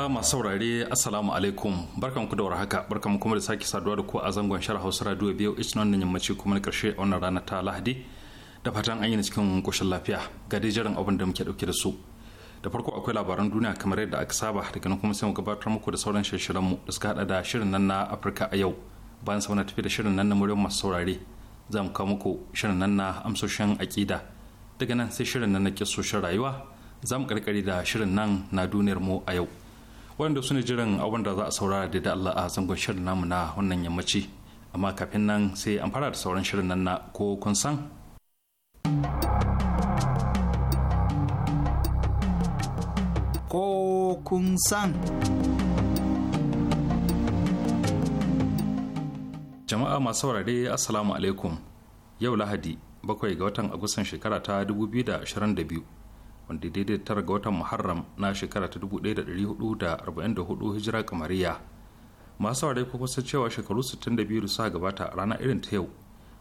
jama'a masu saurare assalamu alaikum barkan ku da haka barkan kuma da sake saduwa da ku a zangon shara hausa radio biyu ich nan yammaci kuma na karshe wannan rana ta lahadi da fatan an yi cikin koshin lafiya ga dai jiran abin da muke dauke da su da farko akwai labaran duniya kamar yadda aka saba daga nan kuma sai mu gabatar muku da sauran shirin mu da suka hada da shirin nan na Afirka a yau bayan sauna tafi da shirin nan na muryar masu saurare za mu kawo muku shirin nan na amsoshin akida daga nan sai shirin nan na kisoshin rayuwa za mu karkare da shirin nan na duniyar mu a yau wanda su ne jiran abin da za a saurara da da Allah a zangon shirin namu na wannan yammaci amma kafin nan sai an fara da sauran shirin nan na ko kun san ko kun san jama'a masu saurare assalamu alaikum yau lahadi bakwai ga watan agustan shekara ta 2022 wanda daidai tara ga watan muharram na shekara ta 1444 hijira kamariya masu ware kuma sun cewa shekaru 62 da suka gabata a ranar irin ta yau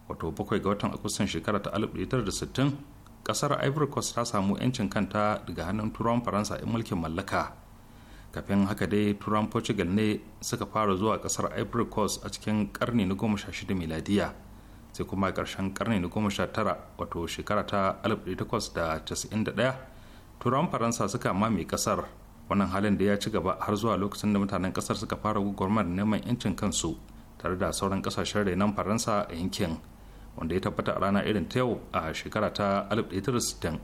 wato bakwai ga watan agustan shekara ta 1960 kasar ivory coast ta samu 'yancin kanta daga hannun turawan faransa in mulkin mallaka kafin haka dai turawan portugal ne suka fara zuwa kasar ivory coast a cikin karni na goma sha shida miladiya sai kuma karshen karni na goma sha tara wato shekara ta 1891 turan faransa suka mame kasar wannan halin da ya ci gaba har zuwa lokacin da mutanen kasar suka fara gwagwarmar neman yancin kansu tare da sauran kasashen renon faransa a yankin wanda ya tabbata a rana irin ta yau a shekara ta 1960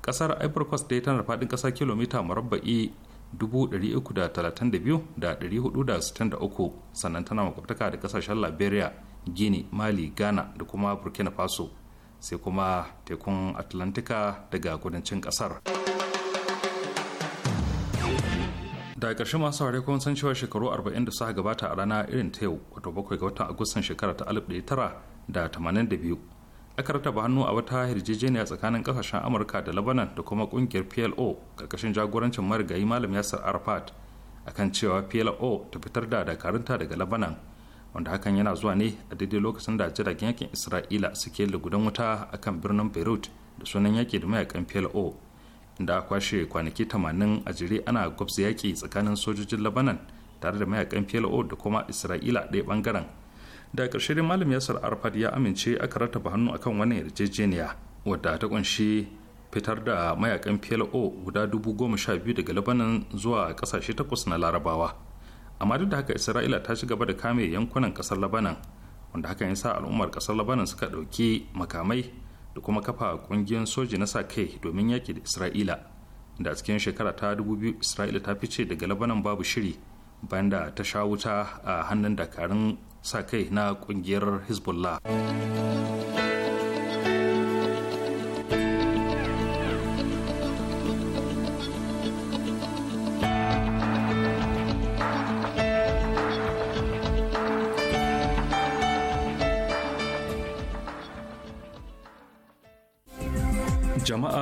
kasar ivory coast da tana faɗin ƙasa kilomita murabba'i 332,463 sannan tana makwabtaka da kasashen liberia guinea mali ghana da kuma burkina faso sai kuma tekun atlantika daga kudancin kasar. daga ƙarshe masu haure kun san cewa shekaru 40 da suka gabata a rana irin ta yau wato bakwai ga watan agustan shekara ta 1982 aka rataba hannu a wata yarjejeniya tsakanin ƙasashen amurka da labanan da kuma kungiyar plo ƙarƙashin jagorancin marigayi malam yasir a akan cewa plo ta fitar da dakarunta daga labanan wanda hakan yana zuwa ne a daidai lokacin da jiragen yakin isra'ila suke lugudan wuta akan birnin beirut da sunan yaki da mayakan plo da a kwashe kwanaki 80 a jere ana gwabza yaƙi tsakanin sojojin labanan tare da mayakan plo da kuma isra'ila ɗaya ɓangaren da ƙarshe dai malam yasar arfad ya amince aka rattaba hannu akan wannan yarjejeniya wadda ta ƙunshi fitar da mayakan plo guda dubu goma sha biyu daga labanan zuwa ƙasashe takwas na larabawa amma duk da haka isra'ila ta ci gaba da kame yankunan ƙasar labanan wanda hakan ya sa al'ummar ƙasar labanan suka ɗauki makamai da kuma kafa kungiyar soji na sa kai domin yaki da isra'ila da cikin shekara ta 2000 isra'ila ta fice daga labanan babu shiri bayan da ta sha wuta a hannun dakarun sa kai na kungiyar hezbollah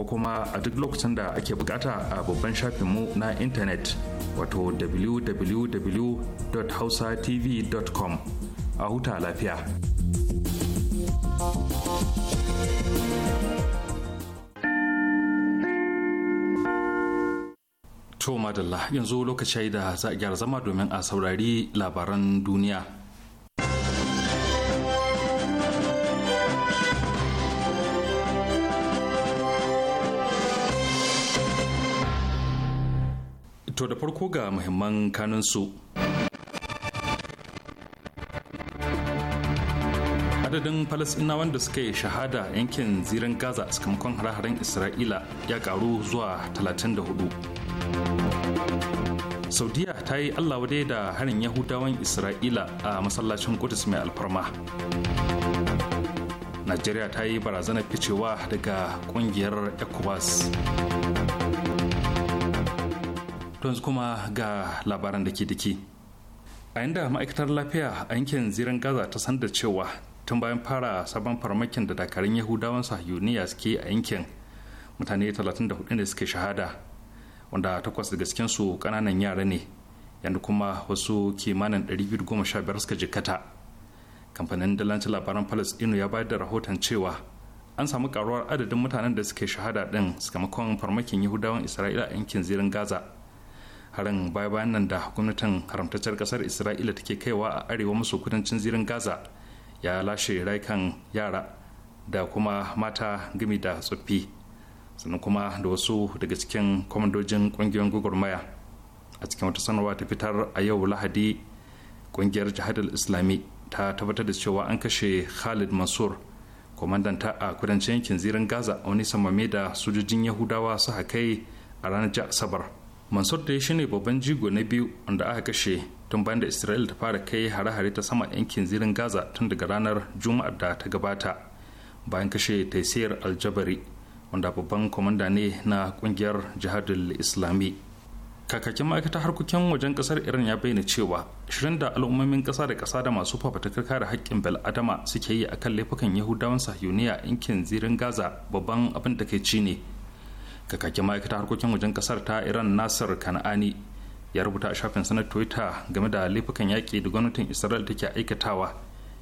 ko kuma a duk lokacin da ake bukata a babban shafinmu na intanet wato www.hausatv.com a huta lafiya. To madalla yanzu lokaci da za a gyara zama domin a saurari labaran duniya. To da farko ga muhimman kanun su. Adadin Falasɗinawan da suka yi shahada yankin zirin Gaza sakamakon hare Isra'ila ya karu zuwa 34. Saudiya ta yi Allah wadai da harin Yahudawan Isra'ila a masallacin Kudus mai alfarma. Najeriya ta yi barazanar ficewa daga ƙungiyar ECOWAS. to yanzu kuma ga labaran da ke diki a inda ma'aikatar lafiya a yankin ziran gaza ta sanda cewa tun bayan fara sabon farmakin da dakarun yahudawan sahiyuniya suke a yankin mutane 34 ne suke shahada wanda takwas daga su kananan yara ne yadda kuma wasu kimanin 215 suka jikata kamfanin dalanci labaran inu ya bayar da rahoton cewa an samu karuwar adadin mutanen da suke shahada din sakamakon farmakin yahudawan isra'ila a yankin zirin gaza harin baya-bayan nan da gwamnatin haramtaccen kasar isra'ila take kaiwa a arewa maso kudancin zirin gaza ya lashe rayukan yara da kuma mata gami da tsoffi sannan kuma da wasu daga cikin kwamandojin kungiyoyin gwagwarmaya a cikin wata sanarwa ta fitar a yau lahadi kungiyar jihadar islami ta tabbatar da cewa an kashe khalid mansur kwamandanta a kudancin yankin zirin gaza a wani samame da sojojin yahudawa su kai a ranar asabar mansur dai shine babban jigo na biyu wanda aka kashe tun bayan da isra'ila ta fara kai hare-hare ta sama yankin zirin gaza tun daga ranar juma'ar da ta gabata bayan kashe taisiyar aljabari wanda babban kwamanda ne na kungiyar jihadul islami kakakin ma'aikata harkokin wajen kasar iran ya bayyana cewa shirin da al'ummomin kasa da kasa da masu fafatakar kare haƙƙin bel'adama suke yi akan laifukan yahudawan sahiyuniya yankin zirin gaza babban abin da kai ci ne kakakin ma'aikata harkokin wajen kasar ta iran nasir kan'ani ya rubuta a shafin sanar twitter game da laifukan yaƙi da gwamnatin isra'il take aikatawa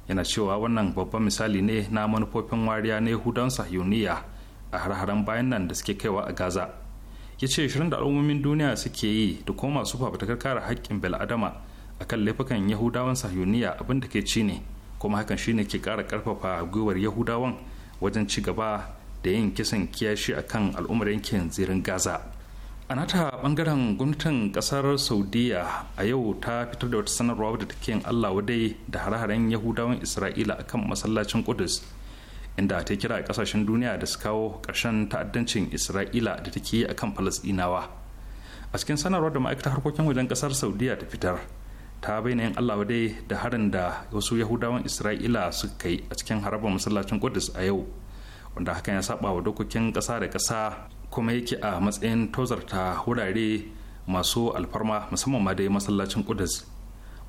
yana cewa wannan babban misali ne na manufofin wariya na yahudan sahiyoniya a har-haren bayan nan da suke kaiwa a gaza ya ce shirin da al'ummomin duniya suke yi da kuma masu fafatakar kare haƙƙin bil'adama kan laifukan yahudawan sahiyoniya abin da ke ci ne kuma hakan shine ke ƙara ƙarfafa gwiwar yahudawan wajen ci gaba da yin kisan kiyashi a kan al'ummar yankin zirin gaza a nata bangaren gwamnatin kasar saudiya a yau ta fitar da wata sanarwa wadda take allah wadai da hare-haren yahudawan isra'ila a kan masallacin kudus inda ta kira a kasashen duniya da su kawo ƙarshen ta'addancin isra'ila da take yi a kan falasɗinawa a cikin sanarwar da ma'aikatar harkokin wajen kasar saudiya ta fitar ta bayyana yin Allah dai da harin da wasu Yahudawan Isra'ila suka yi a cikin harabar masallacin ƙudus a yau wanda hakan ya saba wa dokokin ƙasa da ƙasa kuma yake a matsayin tozarta wurare masu alfarma musamman ma dai masallacin kudus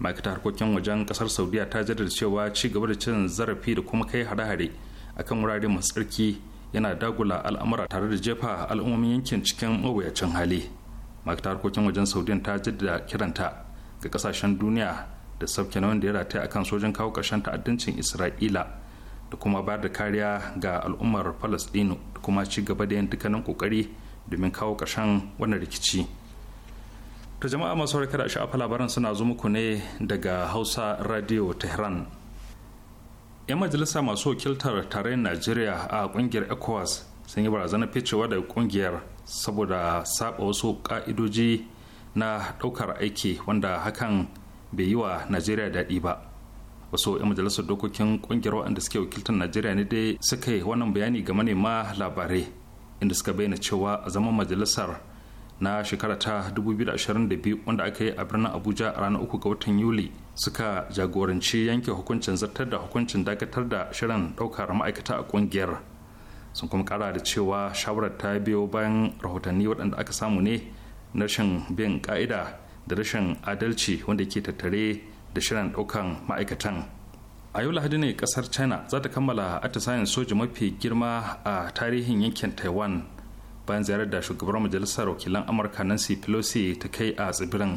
ma'aikatar harkokin wajen ƙasar saudiya ta jaddada cewa ci gaba da cin zarafi da kuma kai hare-hare akan wurare masu tsarki yana dagula al'amura tare da jefa al'ummomin yankin cikin mawuyacin hali ma'aikatar harkokin wajen saudiya ta jaddada kiranta ga kasashen duniya da sauke na wanda ya rataya akan sojan kawo ƙarshen ta'addancin isra'ila da kuma ba da kariya ga al'ummar palestino da kuma ci gaba da yin dukkanin kokari domin kawo ƙarshen wannan rikici ta jama'a masu da sha'afa labaran suna zo muku ne daga hausa radio tehran 'yan majalisa masu wakiltar tarayyar najeriya a kungiyar ecowas sun yi barazanar ficewa da kungiyar saboda saba wasu ka'idoji na daukar aiki wanda hakan bai yi wa najeriya daɗi ba wasu 'yan majalisar dokokin kungiyar waɗanda suke wakiltar najeriya ne dai suka yi wannan bayani ga manema labarai inda suka bayyana cewa a zaman majalisar na shekara ta 2022 wanda aka yi a birnin abuja a ranar uku ga watan yuli suka jagoranci yanke hukuncin zartar da hukuncin dakatar da shirin ɗaukar ma'aikata a kungiyar sun kuma kara da cewa shawarar ta biyo bayan rahotanni waɗanda aka samu ne na rashin bin ka'ida da rashin adalci wanda ke tattare da shirin ɗaukan ma'aikatan a yau lahadi ne kasar china za ta kammala atisayen soji mafi girma a tarihin yankin taiwan bayan ziyarar da shugabar majalisar wakilan amurka nancy pelosi ta kai a tsibirin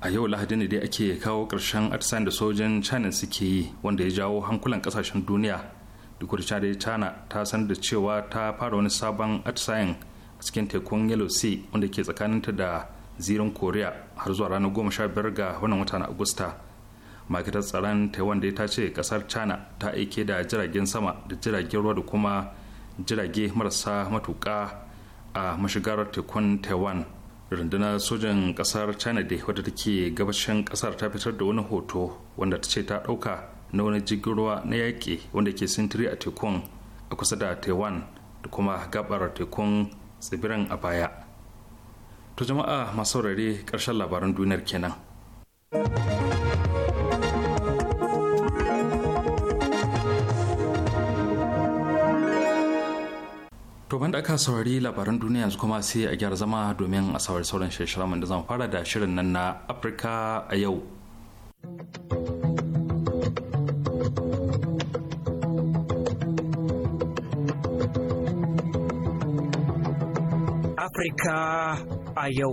a yau lahadi ne dai ake kawo ƙarshen atisayen da sojin china suke yi wanda ya jawo hankulan kasashen duniya duk da dai china ta san da cewa ta fara wani sabon atisayen a cikin tekun yellow sea wanda ke tsakaninta da zirin korea har zuwa ranar goma sha biyar ga wannan wata na agusta ma'aikatar tsaron taiwan dai ta ce kasar china ta aike da jiragen sama da jiragen ruwa da kuma jirage marasa matuka a mashigar tekun taiwan rundunar sojan kasar china da wadda take gabashin kasar ta fitar da wani hoto wanda ta ce ta dauka na wani jirgin ruwa na yaƙi wanda ke sintiri a tekun a kusa da taiwan da kuma gabar tekun tsibirin a baya to jama'a masu saurare ƙarshen labaran duniyar kenan To da aka saurari labaran duniya yanzu kuma sai a gyara zama domin a saurari sauran shirye wanda zan fara da shirin nan na Afirka a yau. Afirka a yau.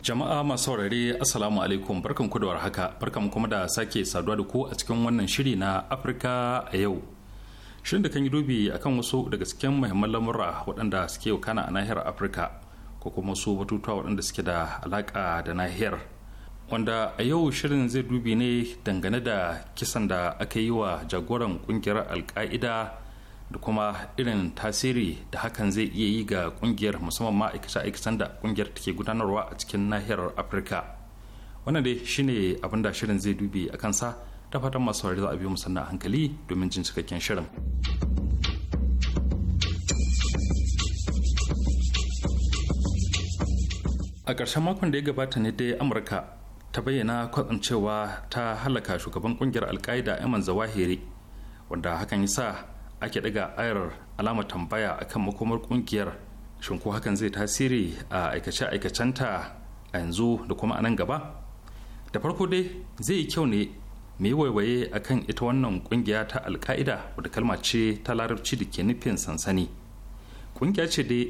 Jama'a masu saurare Assalamu alaikum barkan kudawar haka, barkan kuma da sake saduwa da ku a cikin wannan shiri na Afirka a yau. shirin da kan yi dubi akan wasu daga cikin muhimman lamura waɗanda suke wakana a nahiyar afirka ko kuma su batutuwa waɗanda suke da alaƙa da nahiyar wanda a yau shirin zai dubi ne dangane da kisan da aka yi wa jagoran ƙungiyar alka'ida da kuma irin tasiri da hakan zai iya yi ga ƙungiyar musamman ma aikace-aikacen da ƙungiyar take gudanarwa a cikin nahiyar afirka wannan dai shine abin da shirin zai dubi a kansa ta fatan masu saurari za a biyo mu sannan a hankali domin jin cikakken shirin. a ƙarshen makon da ya gabata ne dai amurka ta bayyana kwatsam cewa ta halaka shugaban kungiyar alkaida aman zawahiri wanda hakan ya sa ake daga ayar alamar tambaya akan makomar kungiyar shin ko hakan zai tasiri a aikace-aikacenta a yanzu da kuma a nan gaba da farko dai zai yi kyau ne me waiwaye waiwaye akan ita wannan kungiya ta alka'ida wadda kalma ce ta larabci da ke nufin sansani kungiya ce dai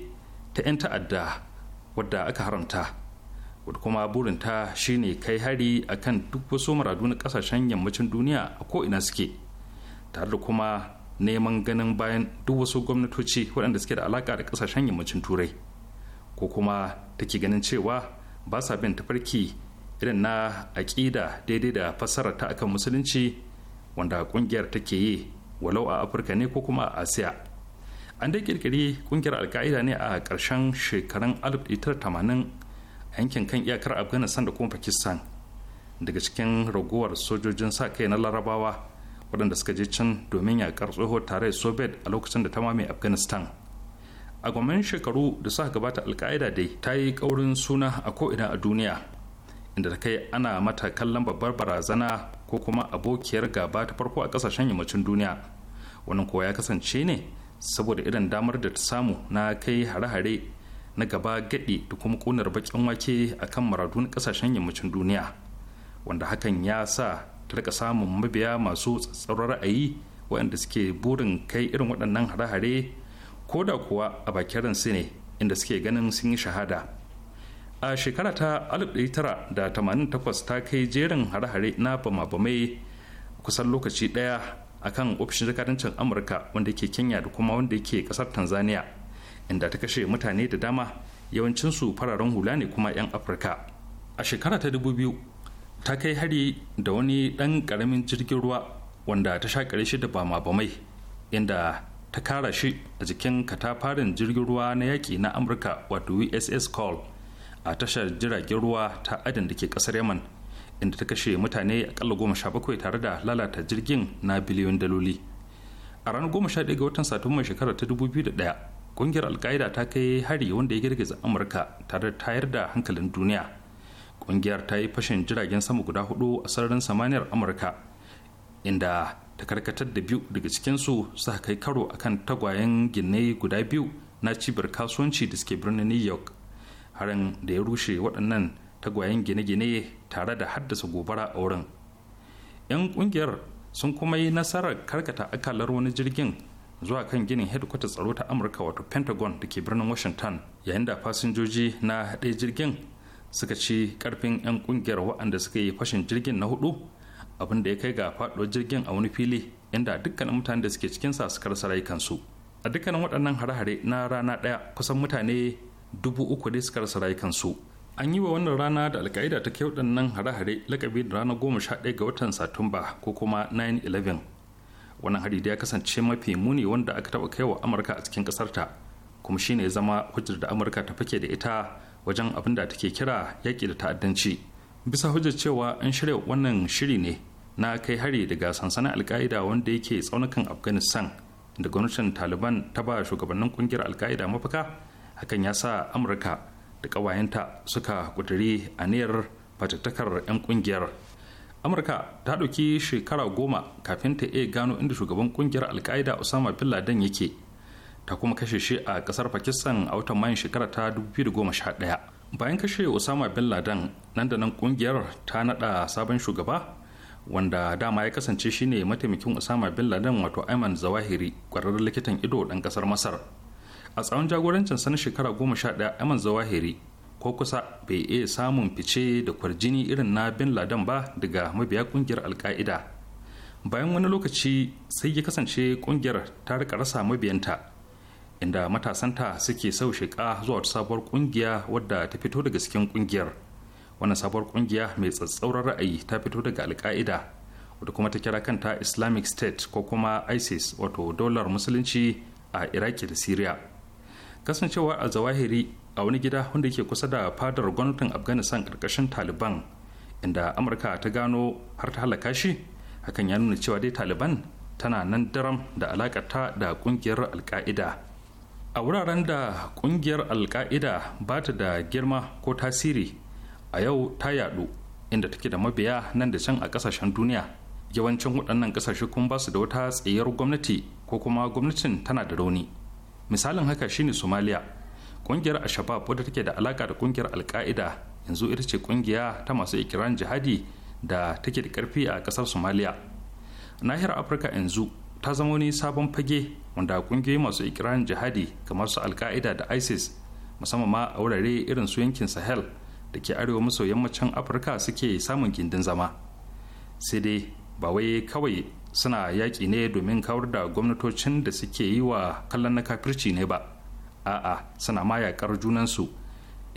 ta 'yan ta'adda wadda aka haramta wadda kuma burinta shine kai hari a kan duk wasu maradu na kasashen yammacin duniya a ko'ina suke tare da kuma neman ganin bayan duk wasu gwamnatoci waɗanda suke da alaƙa da kasashen yammacin turai ko kuma take ganin cewa ba sa bin tafarki irin na aƙida daidai da fassara ta akan musulunci wanda ƙungiyar take yi walau a afirka ne ko kuma a asiya an dai kirkiri ƙungiyar alka'ida ne a ƙarshen shekarun 1980 a yankin kan iyakar afghanistan da kuma pakistan daga cikin ragowar sojojin sa kai na larabawa waɗanda suka je can domin yaƙar tsohuwar tare soviet a lokacin da ta mame afghanistan a gwamnan shekaru da suka gabata alka'ida dai ta yi ƙaurin suna a ko'ina a duniya inda ta kai ana mata kallon babbar barazana ko kuma abokiyar gaba ta farko a kasashen yammacin duniya wannan kuwa ya kasance ne saboda irin damar da ta samu na kai hare-hare na gaba gaɗe da kuma ƙunar baƙin wake a kan maradun kasashen yammacin duniya wanda hakan ya sa ta rika samun mabiya masu tsatsauran ra'ayi waɗanda suke burin kai irin waɗannan hare-hare ko da kuwa a bakin ransu ne inda suke ganin sun yi shahada a shekara ta 1988 ta kai jerin hare-hare na bama-bamai kusan lokaci daya a kan ofishin jakadancin amurka wanda ke kenya da kuma wanda ke kasar tanzania inda ta kashe mutane da dama yawancinsu fararen hula ne kuma 'yan afirka a shekara ta 2000 ta kai hari da wani dan karamin jirgin ruwa wanda ta shakare shi da bama-bamai inda ta kara shi a jikin katafarin jirgin ruwa na yaƙi na amurka wato uss call a tashar jiragen ruwa ta adin da ke kasar yaman inda ta kashe mutane akalla goma sha bakwai tare da lalata jirgin na biliyon daloli a ranar goma sha ɗaya ga watan satumba shekarar ta dubu biyu da ɗaya ƙungiyar alka'ida ta kai hari wanda ya girgiza amurka tare da tayar da hankalin duniya ƙungiyar ta yi fashin jiragen sama guda hudu a sararin samaniyar amurka inda ta karkatar da biyu daga cikinsu suka kai karo akan tagwayen ginne guda biyu na cibiyar kasuwanci da suke birnin new york harin da ya rushe waɗannan tagwayen gine-gine tare da haddasa gobara a wurin 'yan ƙungiyar sun kuma yi nasarar karkata akalar wani jirgin zuwa kan ginin headquarter tsaro ta amurka wato pentagon da ke birnin washington yayin da fasinjoji na ɗaya jirgin suka ci karfin 'yan ƙungiyar waɗanda suka yi fashin jirgin na hudu abin da ya kai ga faɗuwar jirgin a wani fili inda dukkanin mutanen da suke cikinsa suka rasa rayukansu a dukkanin waɗannan hare-hare na rana ɗaya kusan mutane dubu uku da suka rasa rayukansu an yi wa wannan rana da alka'ida ta kai waɗannan hare-hare lakabi da ranar goma sha ɗaya ga watan satumba ko kuma 9-11 wannan hari da ya kasance mafi muni wanda aka taɓa kai wa amurka a cikin ƙasar ta kuma shine zama hujjar da amurka ta fake da ita wajen abin da take kira yaƙi da ta'addanci bisa hujjar cewa an shirya wannan shiri ne na kai hari daga sansanin alka'ida wanda yake tsaunukan afghanistan da gwamnatin taliban ta ba shugabannin kungiyar alka'ida mafaka hakan ya sa amurka da kawayenta suka ƙudiri aniyar fatattakar 'yan kungiyar amurka ta ɗauki shekara goma kafin ta iya gano inda shugaban kungiyar alka'ida osama bin laden yake ta kuma kashe shi a kasar pakistan a watan mayan shekara ta 2011 bayan kashe osama bin laden nan da nan kungiyar ta nada sabon shugaba wanda dama ya kasance shine mataimakin osama bin laden wato ayman zawahiri kwararren likitan ido ɗan ƙasar masar a tsawon jagorancin sanin shekara goma sha ɗaya aman zawahiri ko kusa bai iya samun fice da kwarjini irin na bin laden ba daga mabiya kungiyar alka'ida bayan wani lokaci sai ya kasance kungiyar ta rika rasa mabiyanta inda matasanta suke sau sheka zuwa wata sabuwar kungiya wadda ta fito daga cikin kungiyar wannan sabuwar kungiya mai tsatsauran ra'ayi ta fito daga alka'ida wadda kuma ta kira kanta islamic state ko kuma isis wato dolar musulunci a iraki da syria kasancewa a zawahiri a wani gida wanda ke kusa da fadar gwamnatin afghanistan karkashin taliban inda amurka ta gano har ta halaka shi hakan ya nuna cewa dai taliban tana nan daram da alakata da kungiyar alka'ida a wuraren da kungiyar alka'ida ba ta da girma ko tasiri a yau ta yadu inda take da mabiya nan da can a kasashen duniya yawancin waɗannan kasashe kuma ba su da wata tsayar gwamnati ko kuma gwamnatin tana da rauni misalin haka shine somalia kungiyar ashabab wadda take da alaka da kungiyar alka'ida yanzu ita ce kungiya ta masu ikiran jihadi da take da karfi a kasar somalia nahiyar afirka yanzu ta zama wani sabon fage wanda kungiyoyi masu ikiran jihadi kamar su alka'ida da isis musamman ma a wurare irin su yankin sahel da ke arewa maso yammacin afirka suke samun gindin zama sai dai ba wai kawai suna yaƙi ne domin kawar da gwamnatocin da suke yi wa kallon na kafirci ne ba a'a suna ma yaƙar junansu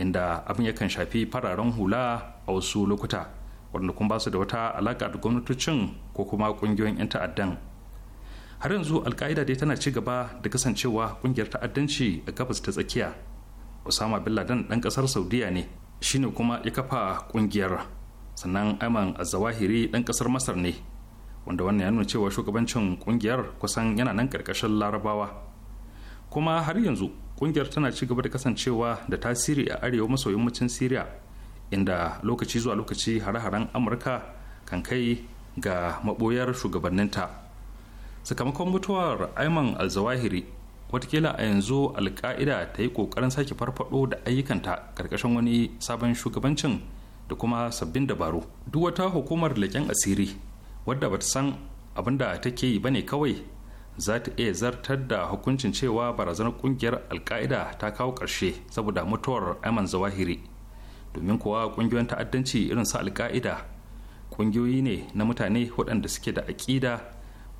inda abin yakan shafi fararen hula a wasu lokuta wanda kun ba su da wata alaƙa da gwamnatocin ko kuma ƙungiyoyin 'yan ta'addan har yanzu alka'ida dai tana ci gaba da kasancewa ƙungiyar ta'addanci a gabas ta tsakiya osama bin laden ɗan ƙasar saudiya ne shine kuma ya kafa ƙungiyar sannan aiman azawahiri ɗan ƙasar masar ne wanda wannan ya nuna cewa shugabancin kungiyar kusan yana nan karkashin larabawa kuma har yanzu kungiyar tana ci gaba da kasancewa da tasiri a arewa maso yammacin syria inda lokaci zuwa lokaci hare-haren amurka kan kai ga maboyar shugabanninta sakamakon mutuwar aiman alzawahiri watakila a yanzu alka'ida ta yi kokarin sake farfado da ayyukanta karkashin wani sabon shugabancin da kuma sabbin dabaru duk wata hukumar leƙen asiri wadda bata san abin da take yi ba ne kawai za ta iya zartar da hukuncin cewa barazanar kungiyar alka'ida ta kawo ƙarshe saboda mutuwar aman zawahiri domin kuwa ƙungiyoyin ta'addanci irin su alka'ida ƙungiyoyi ne na mutane waɗanda suke da aƙida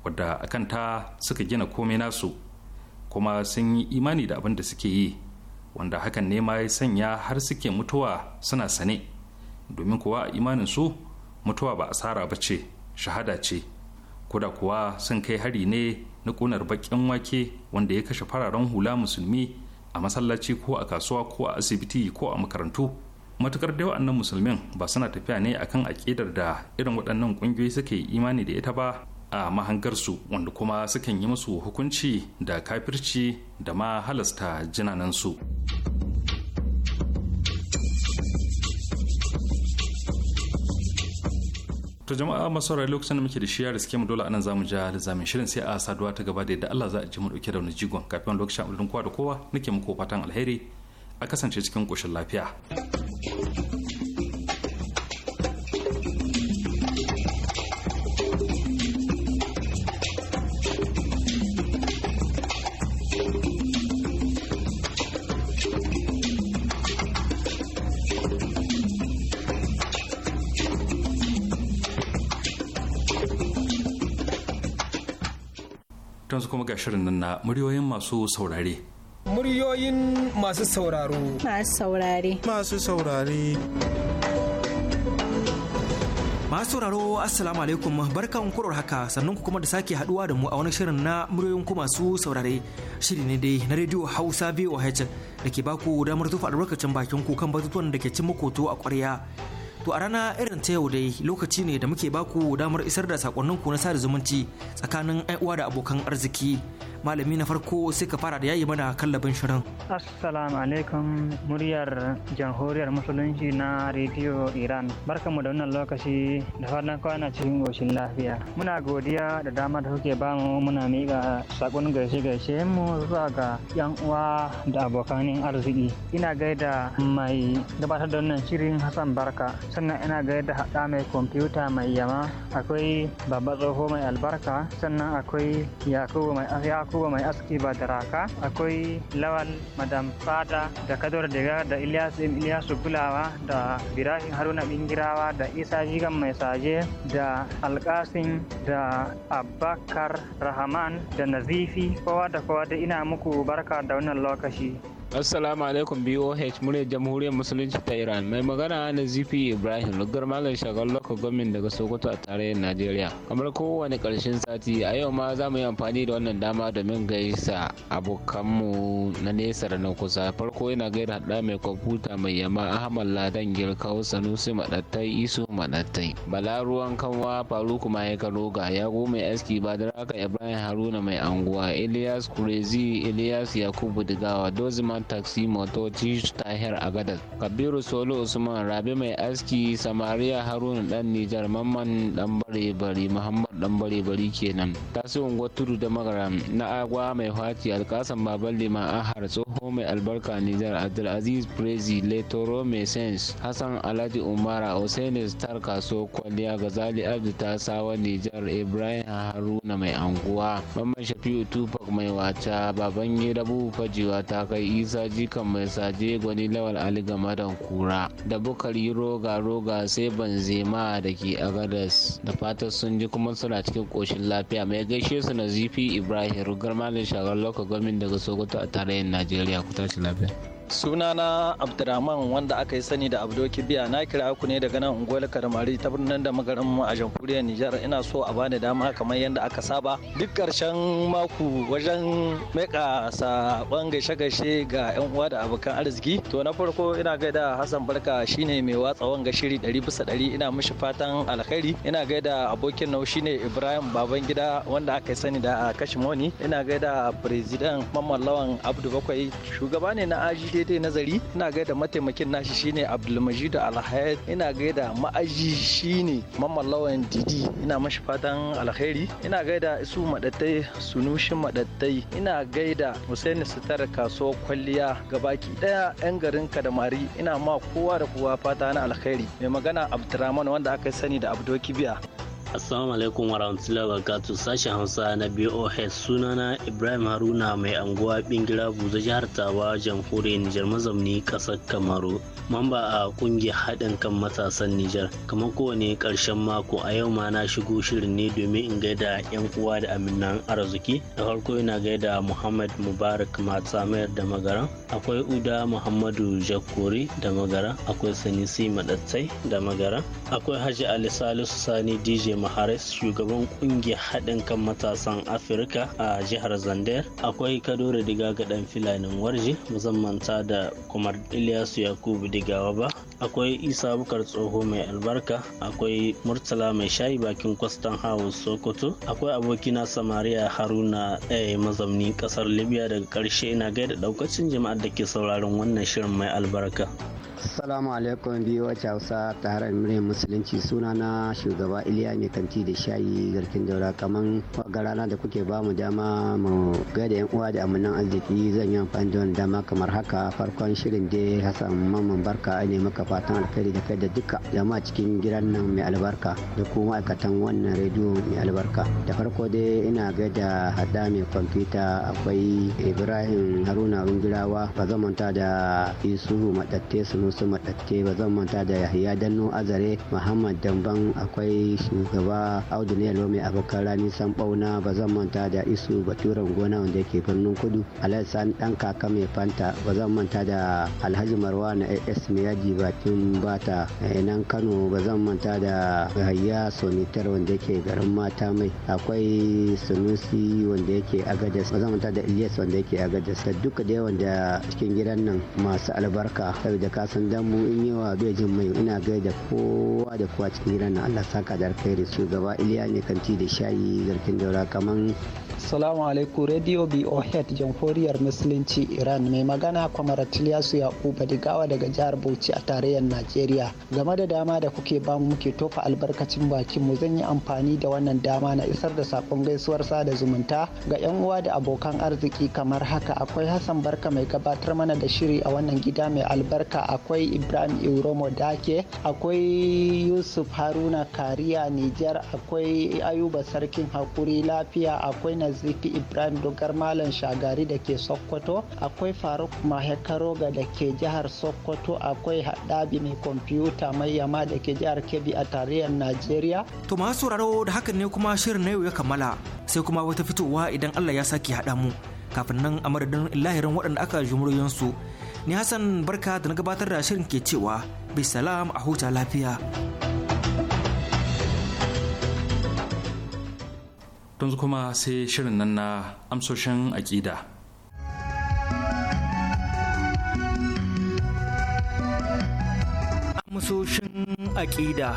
wadda akan ta suka gina komai nasu kuma sun yi imani da abin da suke yi wanda hakan ne ma ya sanya har suke mutuwa suna sane domin kuwa a imanin su mutuwa ba asara ba ce shahada ce kudakuwa kuwa sun kai hari ne na ƙunar baƙin wake wanda ya kashe fararen hula musulmi a masallaci ko a kasuwa ko a asibiti ko a makarantu matukar da wa'annan musulmin ba suna tafiya ne akan aƙidar da irin waɗannan ƙungiyoyi suke imani da ita ba a mahangarsu wanda kuma sukan yi musu hukunci da kafirci da ma halasta jinanansu. su to jama'a masu saurari lokacin da muke da ya riske mu dole anan zamu ja lizamin shirin sai a saduwa ta gaba da yadda Allah za a ji mu dauke da wani jigon kafin lokacin abudin kowa da kowa nake muku fatan alheri a kasance cikin koshin lafiya. don su kuma ga shirin nan na muryoyin masu saurare. Muryoyin masu sauraro. Masu saurare. Masu saurare. masu sauraro assalamu alaikum barkan kurar haka sannan ku kuma da sake haduwa da mu a wani shirin na muryoyin ku masu saurare shiri ne dai na rediyo hausa voh da ke baku damar tufa albarkacin bakin ku kan batutuwan da ke cin makoto a kwarya To a rana irin ta yau dai lokaci ne da muke baku damar isar da sakonninku na sada zumunci tsakanin uwa da abokan arziki malami na farko sai ka fara da yayi mana kallabin shirin assalamu alaikum muryar jamhuriyar musulunci na rediyo iran barka mu da wannan lokaci da fatan kwana cikin goshin lafiya muna godiya da damar da kuke bamu muna miƙa sakon gaishe gaishe mu zuwa ga yan uwa da abokanin arziki ina gaida mai gabatar da wannan shirin hassan barka sannan ina gaida haɗa mai kwamfuta mai yama akwai babba tsoho mai albarka sannan akwai yakubu mai yakubu yakuba mai aski ba da raka akwai lawal madam fada da kador daga da ilyas ilyasu kulawa da birahim haruna bingirawa da isa jigan mai saje da alkasin da abakar rahaman da nazifi kowa da kowa da ina muku barka da wannan lokaci Assalamu alaikum BOH murya jamhuriyar musulunci ta Iran mai magana na ZP Ibrahim lugar malam shagar loko gwamnati daga Sokoto a tarayyar Najeriya. Kamar kowane karshen sati a yau ma za mu yi amfani da wannan dama domin gaisa abokanmu na nesa da na kusa. Farko yana gaida hada mai kwamfuta mai yama Ahmad Ladan Girkau Sanusi Madattai Isu Madattai. Bala ruwan kanwa Faruku Maheka Roga Yago mai aski Badaraka Ibrahim Haruna mai anguwa Ilyas Kurezi Ilyas Yakubu Digawa Dozima usman taxi motoci tahir gadar kabiru solo usman rabi mai aski samariya haruna dan nijar mamman dan bare bari muhammad dan bare bari kenan tasi unguwa tudu da magaram na agwa mai faci alkasan baban lima, ahar tsoho mai albarka nijar abdulaziz prezi letoro mai sens hassan alhaji umara osenis tarka so kwalliya gazali abdu ta sawa nijar ibrahim haruna mai anguwa mamman shafi'u tupac mai wata baban rabu fajiwa ta kai isa kan mai saje gwani lawal ali gamadan kura da bukari roga roga sai banzema da ke agadas da fatan sun ji kuma suna cikin koshin lafiya mai gaishe su na zifi ibrahim rugar malin shagar lokacin gwamnati daga sokoto a tarayyar najeriya ku tashi lafiya sunana abdurrahman wanda aka yi sani da abdoki biya na kira ku ne daga nan unguwar karmari ta birnin da magarin a jamhuriyar nijar ina so a bani dama kamar yadda aka saba duk karshen mako wajen meka sabon gaishe-gaishe ga yan uwa da abokan arziki to na farko ina gaida hassan barka shine mai watsa wanga shiri ɗari bisa ɗari ina mishi fatan alkhairi ina gaida abokin nau shine ibrahim babangida wanda aka yi sani da kashimoni ina gaida president mamman lawan abdu bakwai shugaba ne na Ajd. ke dai nazari ina gaida mataimakin nashi shine abdulmajid alhayat ina gaida ma'aji shine mamallawan didi ina mashi fatan alheri ina gaida isu madattai sunushin madattai ina gaida husaini sitar kasuwar kwalliya gabaki daya yan garin kadamari ina ma kowa da kowa fata na alheri mai magana abdurrahman wanda aka sani da abdoki biya Assalamu alaikum warahmatullahi wabarakatuh sashen Hausa na BOH sunana Ibrahim Haruna mai anguwa Bingira Buza jihar Tawa jamhuriyar Nijar mazamni kasar Kamaru. Mamba a kungiyar haɗin kan matasan Nijar. Kamar kowane ƙarshen mako a yau ma na shigo shirin ne domin in gaida 'yan uwa da aminan arziki. Da farko yana gaida Muhammad Mubarak Mayar da Magara. Akwai Uda Muhammadu Jakori da Magara. Akwai Sanisi Madattai da Magara. Akwai Haji Ali Salisu Sani DJ mahares shugaban kungiyar haɗin kan matasan afirka a jihar zander akwai kadore diga ga dan filanin warje musamman ta da kumar iliyasu yakubu digawa ba akwai isa bukar tsoho mai albarka akwai murtala mai shayi bakin kwastan house sokoto akwai abokina samaria haruna eh, mazamni kasar libya daga karshe ina gaida daukacin jama'ar da ke sauraron wannan shirin mai albarka Assalamu alaikum biyu Hausa tare da musulunci suna na shugaba Iliya mai kanti da shayi garkin daura kamar ga da kuke ba mu dama mu gaida yan uwa da amanan arziki zan yi amfani da dama kamar haka farkon shirin da Hassan Mamman Barka ne maka fatan alkhairi da kai da duka jama'a cikin gidan nan mai albarka da kuma ma'aikatan wannan rediyo mai albarka da farko dai ina gaida hada mai kwamfuta akwai Ibrahim Haruna Rungirawa ba zamanta da Isuhu matattesu sunusu madatte ba zan manta da yahya danno azare muhammad damban akwai shugaba audu ne mai abokan rani san bauna ba zan manta da isu baturen gona wanda yake birnin kudu alhassan dan kaka mai fanta ba zan manta da alhaji marwa na as miyaji bakin bata eh, nan kano ba zan manta da yahya sonitar wanda yake garin mata mai akwai sunusi wanda yake agadas ba zan manta da ilyas wanda yake agadas duka dai wanda cikin gidan nan masu albarka saboda kasan san dambu in yawa bai jin mai ina gai da kowa da kowa cikin gidan na Allah saka da alkhairi gaba Iliya ne kanti da shayi zarkin daura kamar. Salamu alaikum Radio BOHead Jamhuriyar Musulunci Iran mai magana kwamar Tiliyasu Yakuba Digawa daga jihar Bauchi a tarayyar Najeriya. Game da dama da kuke bamu muke tofa albarkacin bakin mu zan yi amfani da wannan dama na isar da sakon gaisuwar sada zumunta ga yan uwa da abokan arziki kamar haka akwai Hassan Barka mai gabatar mana da shiri a wannan gida mai albarka akwai Ibrahim Iromo Dake akwai Yusuf Haruna Kariya Nijar akwai Ayuba Sarkin Hakuri Lafiya akwai zifi ibrahim dogar malam shagari da ke sokoto akwai faruk mahekaroga da ke jihar sokoto akwai haɗabi mai kwamfuta mai yama da ke jihar kebbi a tarayyar najeriya to masu sauraro da hakan ne kuma shirin na yau ya kammala sai kuma wata fitowa idan allah ya sake haɗa mu kafin nan a madadin lahirin waɗanda aka su ni hassan barka da na gabatar da shirin ke cewa bisalam a huta lafiya don kuma sai shirin nan na amsoshin aƙida. Amsoshin aƙida.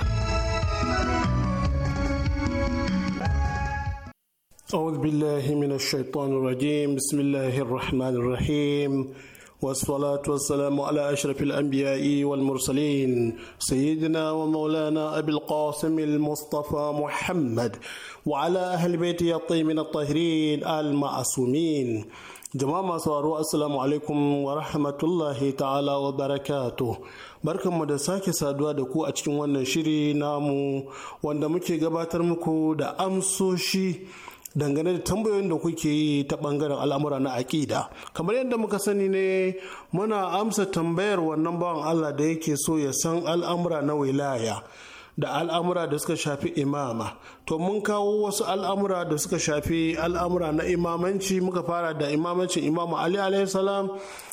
أعوذ بالله من الشيطان الرجيم بسم الله الرحمن والصلاة والسلام على أشرف الأنبياء والمرسلين سيدنا ومولانا أبي القاسم المصطفى محمد وعلى أهل بيته الطيبين الطاهرين المعصومين jama'a masu waro assalamu alaikum wa rahmatullahi ta'ala wa barakatuh barkanmu da sake saduwa da ku a cikin wannan shiri namu wanda muke gabatar muku da amsoshi dangane da tambayoyin da kuke yi ta bangaren al'amura na aƙida kamar yadda muka sani ne muna amsa tambayar wannan bawan allah da yake so ya san al'amura na wilaya da al'amura da suka shafi imama to mun kawo wasu al'amura da suka shafi al'amura na imamanci muka fara da imamancin imama ali salam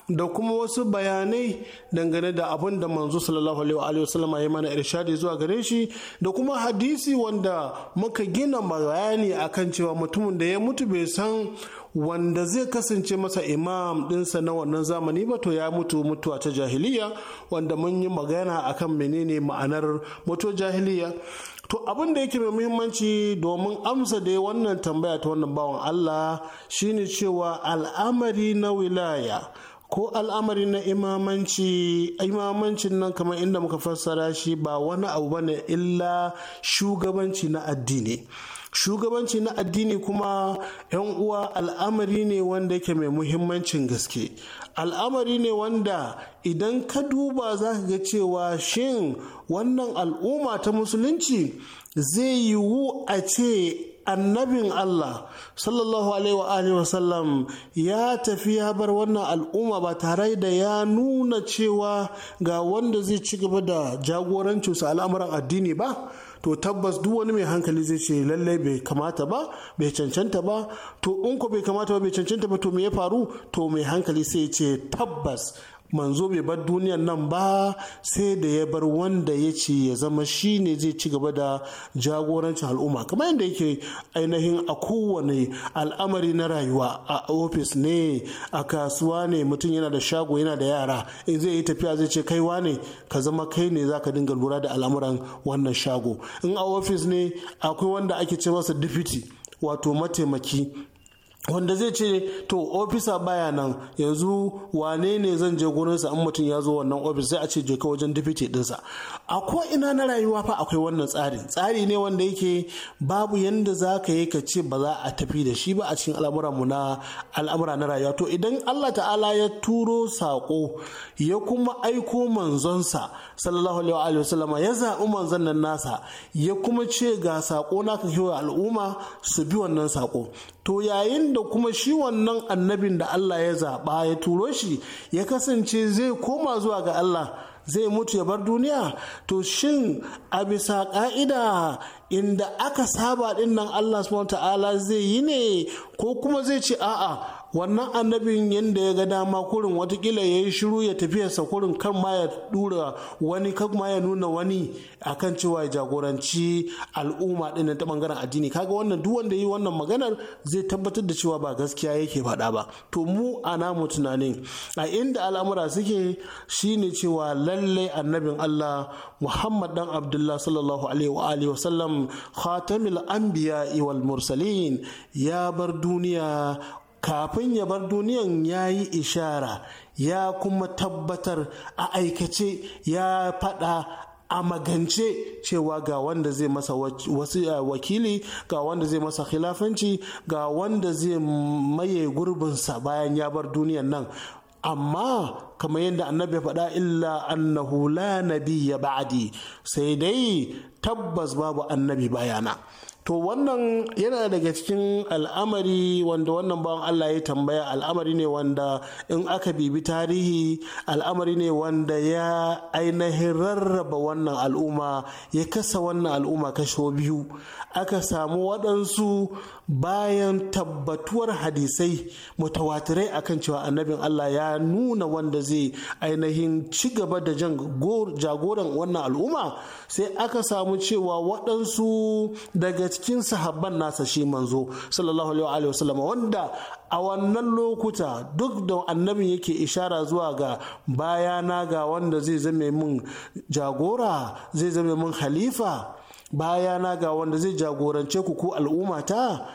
da kuma wasu bayanai dangane da abin da manzo sallallahu alaihi wasallam ya mana irshadi zuwa gare shi da kuma hadisi wanda muka gina bayani akan cewa mutumin da ya mutu bai san wanda zai kasance masa imam dinsa na wannan zamani ba to ya mutu mutuwa ta jahiliya wanda mun yi magana akan menene ma'anar mutuwar jahiliya to abin da yake mai muhimmanci domin amsa da wannan tambaya ta wannan bawan Allah shine cewa al'amari na wilaya ko al'amari na imamanci imamancin nan kamar inda muka fassara shi ba wani abu bane illa shugabanci na addini shugabanci na addini kuma 'yan uwa al'amari ne wanda yake mai muhimmancin gaske al'amari ne wanda idan ka duba za ka ga cewa shin wannan al'umma ta musulunci zai yiwu a ce annabin Allah sallallahu alaihi wa wasallam ya tafi ya bar wannan al'umma ba tare da ya nuna cewa ga wanda zai ci gaba da jagorancinsa al'amuran addini ba to tabbas duk wani mai hankali zai ce lallai bai kamata ba bai cancanta ba to in ko bai kamata ba bai cancanta ba to me ya faru to mai hankali sai ya ce tabbas manzo bai bar duniyan nan ba sai da ya bar wanda ya ce ya zama shi ne zai ci gaba da jagorancin al'umma kamar yadda yake ainihin a kowane al'amari na rayuwa a ofis ne a kasuwa ne mutum yana da shago yana da yara in zai yi tafiya zai ce kaiwa ne ka zama kai ne zaka dinga lura da al'amuran wannan shago in a ofis ne akwai wanda ake ce masa difiti wato mataimaki wanda zai ce to ofisa baya nan yanzu wane ne zan je gurinsa in mutum ya zo wannan ofis sai a ce je ka wajen dipiti dinsa a ko ina na rayuwa fa akwai wannan tsari tsari ne wanda yake babu yanda za ka yi ka ce ba za a tafi da shi ba a cikin mu na al'amura na rayuwa to idan allah ta'ala ya turo saƙo ya kuma aiko manzonsa sallallahu alaihi wa sallama ya zaɓi manzon nan nasa ya kuma ce ga sako na ka kewa al'umma su bi wannan sako to yayin da kuma shi wannan annabin da Allah ya zaɓa ya turo shi ya kasance zai koma zuwa ga Allah zai mutu ya bar duniya to shin a bisa ka'ida inda aka saba din Allah subhanahu ta'ala zai yi ne ko kuma zai ce a'a wannan annabin yadda ya ga dama kurin watakila ya yi shiru ya tafiyarsa kurin kan ma ya dura wani kan ma ya nuna wani akan cewa ya jagoranci al'umma din ta bangaren addini kaga wannan duk wanda yi wannan maganar zai tabbatar da cewa ba gaskiya yake faɗa ba to mu a namu tunanin a inda al'amura suke shine cewa lallai annabin Allah Muhammad dan Abdullah sallallahu alaihi wa alihi wasallam khatamil anbiya wal mursalin ya bar duniya kafin ya bar duniyan ya yi ishara ya kuma tabbatar a aikace ya fada a magance cewa ga wanda zai masa eh, wakili ga wanda zai masa khilafanci ga wanda zai maye gurbinsa bayan ya bar duniyan nan amma kamar yadda annabi ya faɗa illa annahu la nabiyya ba'di sai dai tabbas babu annabi bayana to wannan yana daga cikin al'amari wanda wannan bawan Allah ya tambaya al'amari ne wanda in aka bibi tarihi al'amari ne wanda ya ainihin rarraba wannan al'umma ya kasa wannan al'umma kasho biyu aka samu waɗansu bayan tabbatuwar hadisai mutawatirai akan cewa annabin Allah ya nuna wanda zai ainihin ci gaba da jan jagoran wannan al'umma sai aka samu cewa waɗansu daga cikin sahabban nasa shi manzo sallallahu alaihi wasallam wanda a wannan lokuta duk da annabin yake ishara zuwa ga bayana ga wanda zai zame min jagora zai zame min halifa bayana ga wanda zai jagorance ku ko al'umma ta?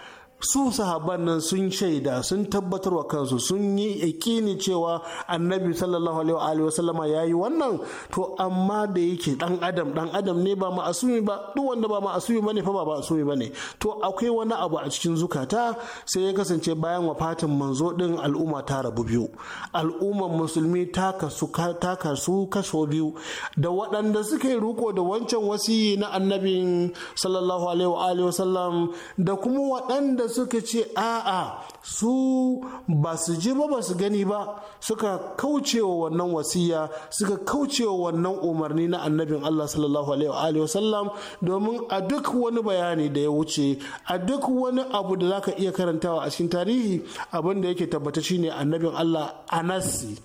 su sahaban nan sun shaida sun tabbatar wa kansu sun yi ikini cewa annabi sallallahu alaihi wasallama ya yi wannan to amma da yake dan adam dan adam ne ba ma'asumi ba duk wanda ba ma'asumi ba fa ba ma'asumi ba ne to akwai wani abu a cikin zukata sai ya kasance bayan wafatin manzo din al'umma ta rabu biyu al'ummar musulmi ta kasu kaso biyu da waɗanda suka yi ruko da wancan wasiyi na annabin sallallahu alaihi wasallam da kuma waɗanda suka ce a'a su ba su ji ba ba su gani ba suka kaucewa wannan wasiya suka kaucewa wannan umarni na annabin Allah sallallahu alaihi wa sallam domin a duk wani bayani da ya wuce a duk wani abu da zaka iya karantawa a cikin tarihi abin da yake tabbata shine annabin Allah anasi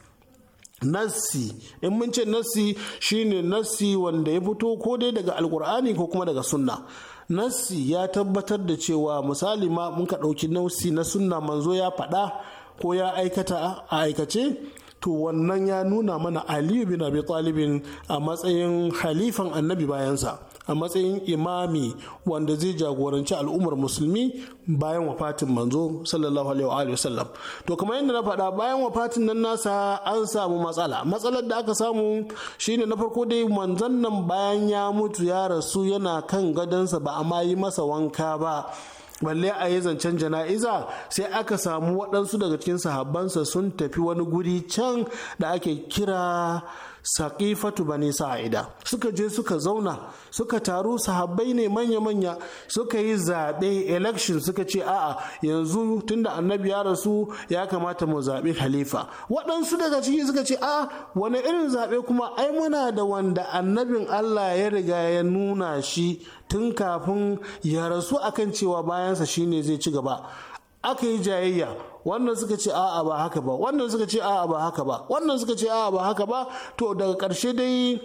nasi in mun ce nasi shine nasi wanda ya fito ko dai daga alkur'ani ko kuma daga sunna nassi ya tabbatar da cewa misali ma mun ka ɗauki nausi na sunna manzo ya faɗa ko ya aikata a aikace to wannan ya nuna mana aliyu bin abi talibin a matsayin halifan annabi bayansa a matsayin imami wanda zai jagoranci al'ummar musulmi bayan wafatin manzo sallallahu alaihi wa sallam to kamar yadda na faɗa bayan wafatin nan nasa an samu matsala matsalar da aka samu shine na farko dai manzon nan bayan ya mutu ya rasu yana kan gadansa ba a ma yi masa wanka ba balle a yi zancen jana'iza sai aka samu waɗansu daga cikin sahabbansa sun tafi wani guri can da ake kira saqifatu bani sa'ida suka je suka zauna suka taru sahabbai ne manya-manya suka yi zaɓe election suka ce a'a yanzu tunda annabi ya rasu ya kamata mu zaɓi halifa waɗansu daga ciki suka ce a wani irin zaɓe kuma ai muna da wanda annabin Allah ya riga ya nuna shi tun kafin ya rasu akan cewa bayansa shine zai ci gaba aka yi jayayya wannan suka ce a'a ba haka ba wannan suka ce a'a ba haka ba wannan suka ce a'a ba haka ba to daga ƙarshe dai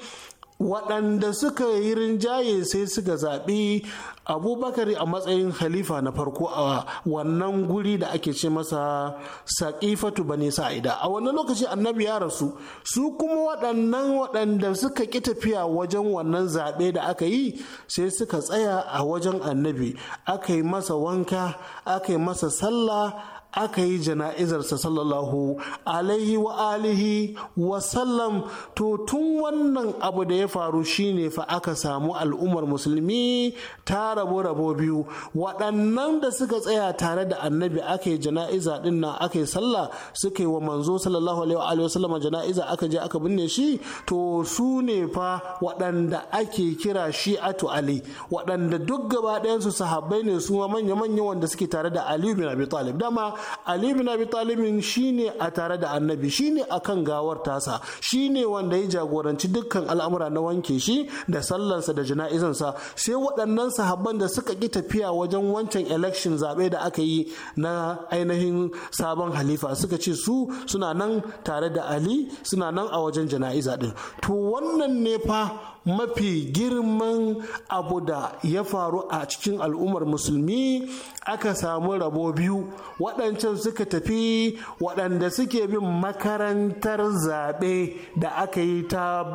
waɗanda suka yi rinjaye sai suka zaɓi Abubakar a matsayin halifa na farko a wannan guri da ake ce masa saƙifatu bani sa'ida a wannan lokaci annabi ya rasu su kuma waɗannan waɗanda suka ƙi tafiya wajen wannan zaɓe da aka yi sai suka tsaya a wajen annabi aka yi masa wanka aka yi masa sallah aka yi jana'izarsa sallallahu alaihi wa alihi wa sallam to tun wannan abu da ya faru shine fa aka samu al'ummar musulmi ta rabo rabo biyu waɗannan da suka tsaya tare da annabi aka yi jana'iza din nan aka yi sallah suka yi wa manzo sallallahu alaihi wa sallam jana'iza aka je aka binne shi to su ne fa waɗanda ake kira shi'atu ali waɗanda duk gaba ɗayansu sahabbai ne su manya-manya wanda suke tare da aliyu bin abi talib dama ali bin abi talibin shine a tare da annabi shine akan gawar tasa shine wanda ya jagoranci dukkan al'amura na wanke shi da sallansa da jana'izansa sai waɗannan sahabban da suka ki tafiya wajen wancan election zaɓe da aka yi na ainihin sabon halifa suka ce su suna nan tare da ali suna nan a wajen jana'iza din to wannan ne fa mafi girman abu da ya faru a cikin al'ummar musulmi aka samu rabo biyu waɗancan suka tafi waɗanda suke bin makarantar zaɓe da aka yi ta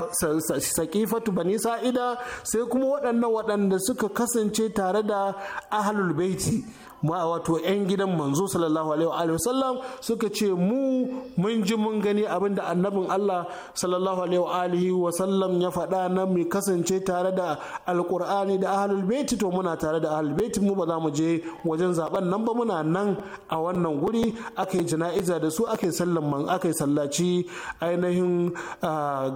fatu bani sa'ida sai kuma waɗannan waɗanda suka kasance tare da ahalul baiti ma wato 'yan gidan manzo sallallahu alaihi wa sallam suka ce mu mun ji mun gani abin da annabin Allah sallallahu alaihi wa sallam ya faɗa na mu kasance tare da alkur'ani da ahlul baiti to muna tare da ahlul baiti mu ba za mu je wajen zaben nan ba muna nan a wannan guri aka yi jana'iza da su aka yi sallan aka yi sallaci ainihin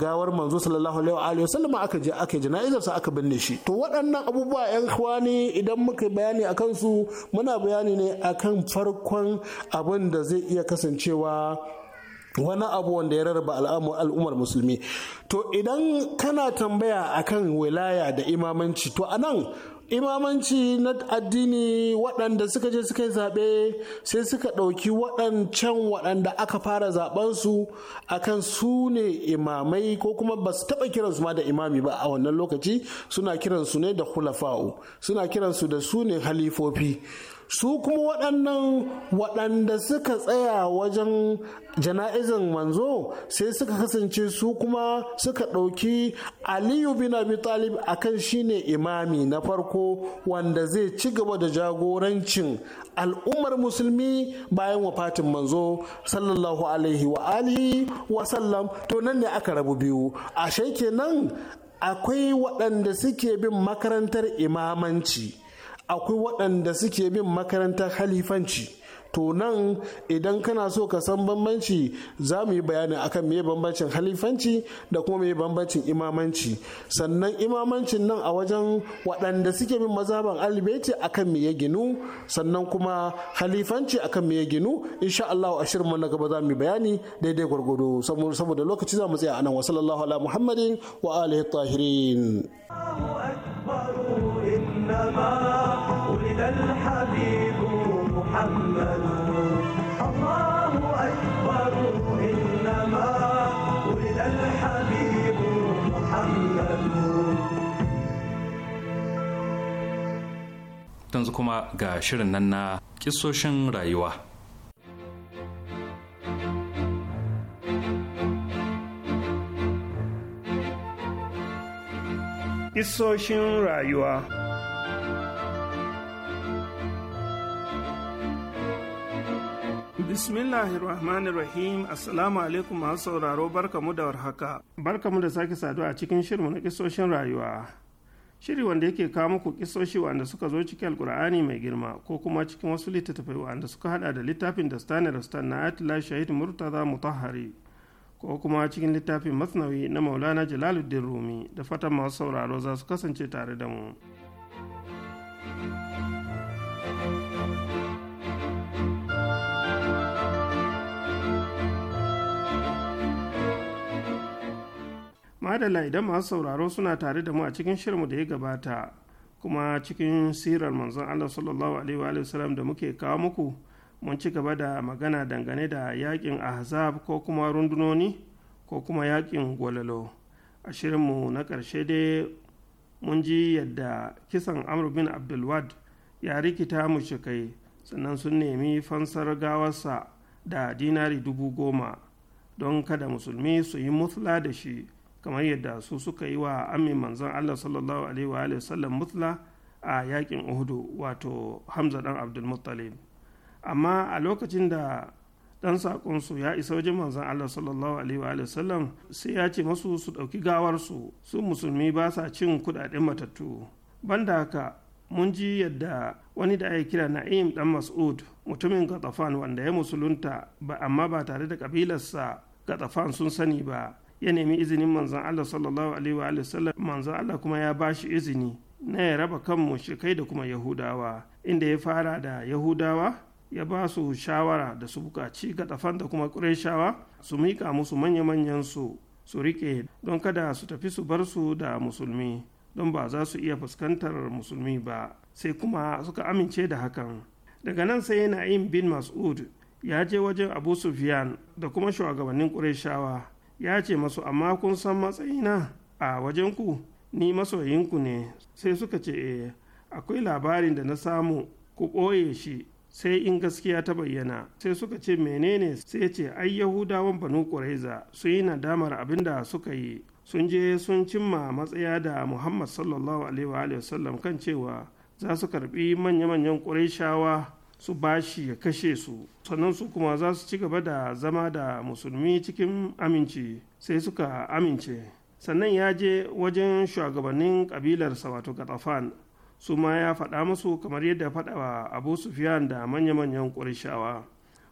gawar manzo sallallahu alaihi wa sallam aka je aka yi jana'izar sa aka binne shi to waɗannan abubuwa 'yan kwani idan muka bayani akan su muna ina bayani ne akan farkon abin da zai iya kasancewa wani abu wanda ya rarraba al'ummar musulmi to idan kana tambaya akan wilaya da imamanci to a nan imamanci na addini waɗanda suka je suka yi zaɓe sai suka ɗauki waɗancan waɗanda aka fara zaɓensu a kan su ne imamai ko kuma ba su taɓa kiransu ma da imami ba a wannan lokaci suna kiransu ne da hulafa'u suna kiransu da su ne halifofi su kuma waɗannan waɗanda suka tsaya wajen jana'izan manzo sai suka kasance su kuma suka ɗauki aliyu bin abi talib akan shine imami na farko wanda zai ci gaba da jagorancin al'ummar musulmi bayan fatin manzo sallallahu alaihi wa alihi wa sallam to nan ne aka rabu biyu ashe nan? akwai waɗanda suke bin makarantar imamanci akwai waɗanda suke bin makarantar halifanci to nan idan kana so ka san bambanci za mu yi bayani akan me bambancin halifanci da kuma me bambancin imamanci sannan imamancin nan a wajen waɗanda suke bin mazaban alibeti akan me ya ginu sannan kuma halifanci akan me ya ginu insha Allah a shirin na gaba za mu yi bayani daidai gwargwado saboda lokaci za mu tsaya nan wa sallallahu ala muhammadin wa alihi tahirin Allahu akbar الحبيب محمد الله أكبر إنما ولد الحبيب محمد yanzu kuma ga shirin nan na kisoshin rayuwa. Kisoshin rayuwa rahim Assalamu alaikum masu sauraro barkamu da warhaka. Barkamu da sake saduwa a cikin shirinmu na kisoshin rayuwa. Shiri wanda yake kawo muku kisoshi wanda suka zo cikin Alkur'ani mai girma ko kuma cikin wasu littattafai wanda suka hada da littafin da Stan rastan na Atila Shahid Murtaza Mutahari ko kuma cikin littafin Masnawi na Maulana Jalaluddin Rumi da fatan masu sauraro za su kasance tare da mu. madala idan masu sauraro suna tare da mu a cikin shirinmu da ya gabata kuma cikin sirar manzon allah sallallahu alaihi wa sallam da muke kawo muku mun ci gaba da magana dangane da yakin ahzab ko kuma rundunoni ko kuma yakin gwalalo a shirinmu na karshe dai mun ji yadda kisan amr bin abdulwad ya rikita mu mushikai sannan sun nemi fansar gawarsa da dinari dubu goma don kada musulmi su yi musla da shi kamar yadda su suka yi wa amin manzon Allah sallallahu alaihi wa sallam mutla a yakin uhudu wato hamza dan abdulmuttalib amma a lokacin da dan su ya isa wajen manzon Allah sallallahu alaihi wa sallam sai ya ce masu su ɗauki gawarsu su musulmi ba sa cin kuɗaɗen matattu banda haka mun ji yadda wani da ake kira na'im dan mas'ud mutumin gatsafan wanda ya musulunta ba amma ba tare da kabilarsa tsafan sun sani ba ya nemi izinin manzan Allah sallallahu alaihi wa sallam manzan Allah kuma ya ba shi izini na ya raba kan mushrikai da kuma Yahudawa inda ya fara da Yahudawa ya ba su shawara da su bukaci tafan da kuma Qurayshawa su mika musu manya manyansu su su rike don kada su tafi su bar su da musulmi don ba za su iya fuskantar musulmi ba sai kuma suka amince da hakan daga nan sai yana yin bin mas'ud ya je wajen abu sufyan da kuma shugabannin ƙureshawa ya ce masu amma kun san matsayina a wajenku ni masoyinku ne sai suka ce e akwai labarin da na samu ku ɓoye shi sai in gaskiya ta bayyana sai suka ce menene sai ce ai yahudawan banu ƙuraiza sun yi nadamar abin da suka yi sun je sun cimma matsaya da muhammad sallallahu alaihi wa sallam kan cewa za su karbi manya-manyan ƙuraishawa su bashi ya kashe su sannan su kuma za su ci gaba da zama da musulmi cikin aminci sai suka amince sannan ya je wajen shugabannin ƙabilarsa wato gatafan su ma ya faɗa musu kamar yadda faɗa wa abu sufiyan da manya-manyan ƙurishawa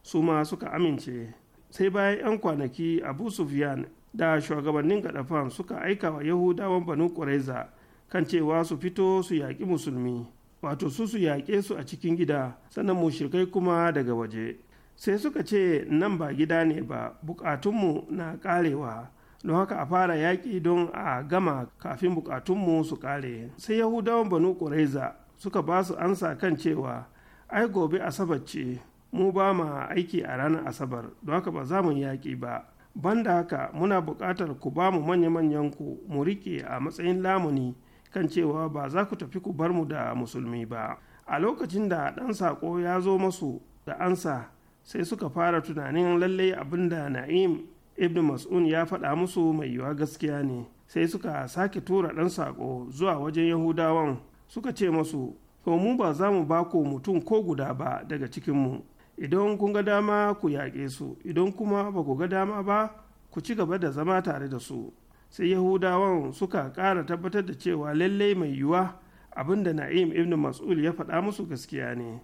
su ma suka amince sai bayan 'yan kwanaki abu sufiyan da shugabannin gatafan suka aika wa yahudawan banu ƙuraiza kan cewa su fito su yaƙi musulmi wato su su yaƙe su a cikin gida sannan mu shirkai kuma daga waje sai suka ce nan ba gida ne ba bukatunmu na karewa don haka a fara yaƙi don a gama kafin bukatunmu su kare sai yahudawan banu ƙuraiza suka ba su ansa kan cewa ai gobe asabar ce mu ba ma aiki a ranar asabar don haka ba za mu yaƙi ba banda haka muna buƙatar ku ba mu manya-manyan ku mu riƙe a matsayin lamuni kan cewa ba za ku tafi ku bar mu da musulmi ba a lokacin da ɗan saƙo ya zo masu da ansa sai suka fara tunanin lallai abin da na'im ibn mas'un ya faɗa musu mai yiwuwa gaskiya ne sai suka sake tura ɗan saƙo zuwa wajen yahudawan suka ce masu to mu ba za mu bako mutum ko guda ba daga cikin mu. idan kun ga dama ku yaƙe su idan kuma ba ku ga dama ba ku ci gaba da zama tare da su sai yahudawan suka ƙara tabbatar da cewa lallai mai yiwuwa abin da na'im ibn mas'ul ya faɗa musu gaskiya ne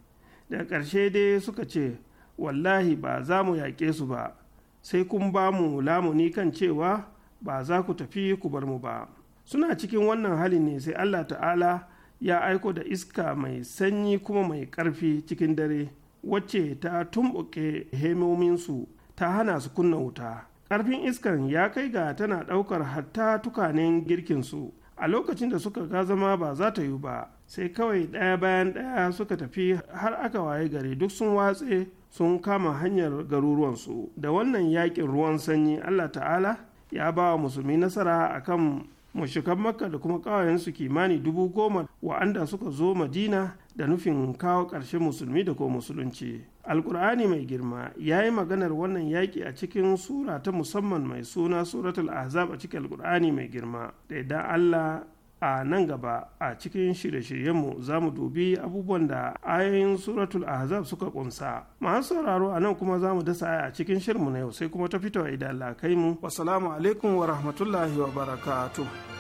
da ƙarshe dai suka ce wallahi ba za mu yaƙe su ba sai kun ba mu lamuni kan cewa ba za ku tafi ku bar mu ba suna cikin wannan hali ne sai allah ta'ala ya aiko da iska mai sanyi kuma mai ƙarfi cikin dare wacce ta tumɓuke hemominsu ta hana su kunna wuta karfin iskan ya kai ga tana ɗaukar hatta tukanen su a lokacin da suka ga zama ba za ta yi ba sai kawai ɗaya bayan ɗaya suka tafi har aka waye gari duk sun watse sun kama hanyar garuruwansu da wannan yakin ruwan sanyi allah ta'ala ya ba wa musulmi nasara akan mushikan makka da kuma ƙawayensu kimani dubu goma wa'anda suka zo madina da nufin kawo ƙarshen musulmi da ko musulunci alkur'ani mai girma ya yi maganar wannan yaƙi a cikin sura ta musamman mai suna suratul ahzab a cikin alkur'ani mai girma da idan allah a nan gaba a cikin shirye-shiryenmu za mu dubi abubuwan da ayoyin suratul ahzab suka kunsa masu sauraro a nan kuma za mu dasa a cikin shirmu na yau sai kuma ta fito idan allah kai mu wasalamu alaikum wa rahmatullahi wa barakatuh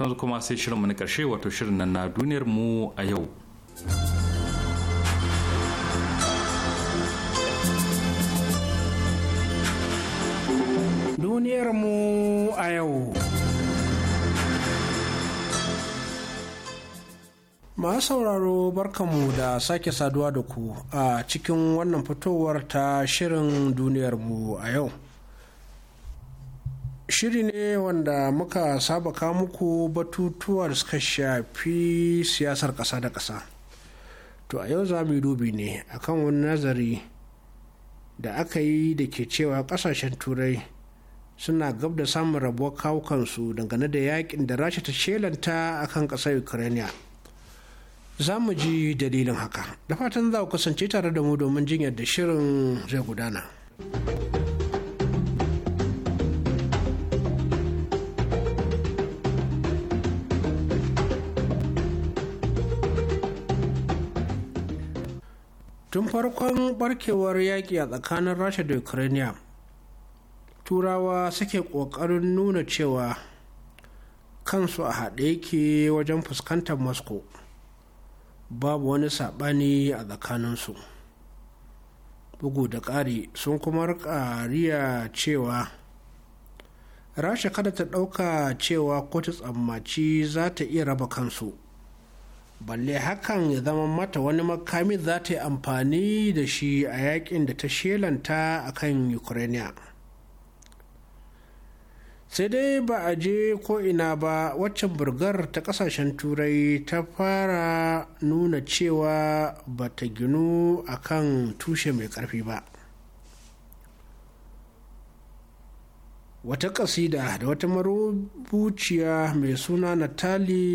yanzu kuma sai shirinmu na karshe wato shirin nan na duniyar mu a yau duniyar mu a yau masu sauraro barkanmu da sake saduwa da ku a cikin wannan fitowar ta shirin duniyarmu a yau shiri ne wanda muka saba ka muku batutuwa da suka shafi siyasar ƙasa da ƙasa to a yau za mu yi dubi ne akan wani nazari da aka yi da ke cewa ƙasashen turai suna gab da samun rabuwar kawukansu dangane da yakin da rasha ta shelanta akan ƙasar ukraine za mu ji dalilin haka da fatan za ku kasance tare da mu domin jin yadda shirin zai gudana. tun farkon barkewar yaƙi a tsakanin rasha da ukraine turawa suke ƙoƙarin nuna cewa kansu a haɗe yake wajen fuskantar moscow babu wani saɓani a tsakaninsu bugu da ƙari sun kuma ƙariya cewa rasha kada ta ɗauka cewa kotu tsammaci za ta iya raba kansu balle hakan ya zama mata wani makami za ta yi amfani da shi a yakin da ta shelanta a kan ukraine sai dai ba a je ko'ina ba waccan burgar ta kasashen turai ta fara nuna cewa ba ta ginu a kan tushe mai karfi ba wata kasida da wata marubuciya mai suna natali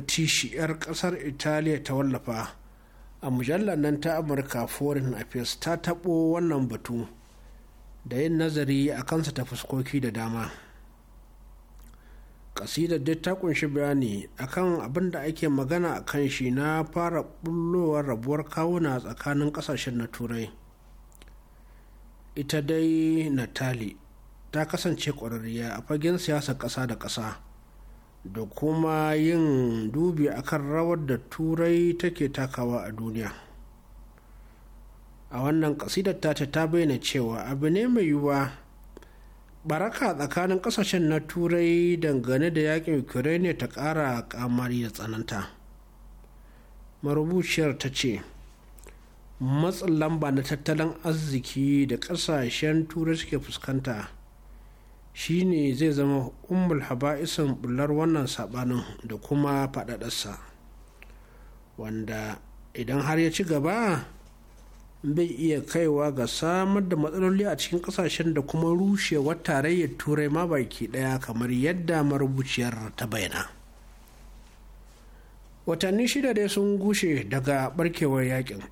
tishi 'yar kasar italiya ta wallafa a mujallar nan ta amurka foreign affairs ta taɓo wannan batu da yin nazari a kansa ta fuskoki da dama Ƙasidar dai ta kunshi bayani akan abin da ake magana a kan shi na fara bullowar rabuwar kawuna tsakanin ƙasashen na turai ita dai natali ta kasance ƙwararriya a fagen siyasar ƙasa da ƙasa da kuma yin dubi akan rawar da turai take takawa a duniya a wannan kasidar tata ta bayyana cewa abu ne mai yiwuwa baraka tsakanin kasashen na turai dangane da yakin ukraine ta kara kamari da tsananta marubuciyar ta ce matsin lamba na tattalin arziki da kasashen turai suke fuskanta Shi ne zai zama Haba haba'isin bular wannan sabanin da kuma faɗaɗarsa wanda idan har ya ci gaba bai iya kaiwa ga samar da matsaloli a cikin kasashen da kuma rushewar tarayyar turai ma baki ɗaya kamar yadda marubuciyar ta bayyana watanni shida dai sun gushe daga barkewar yakin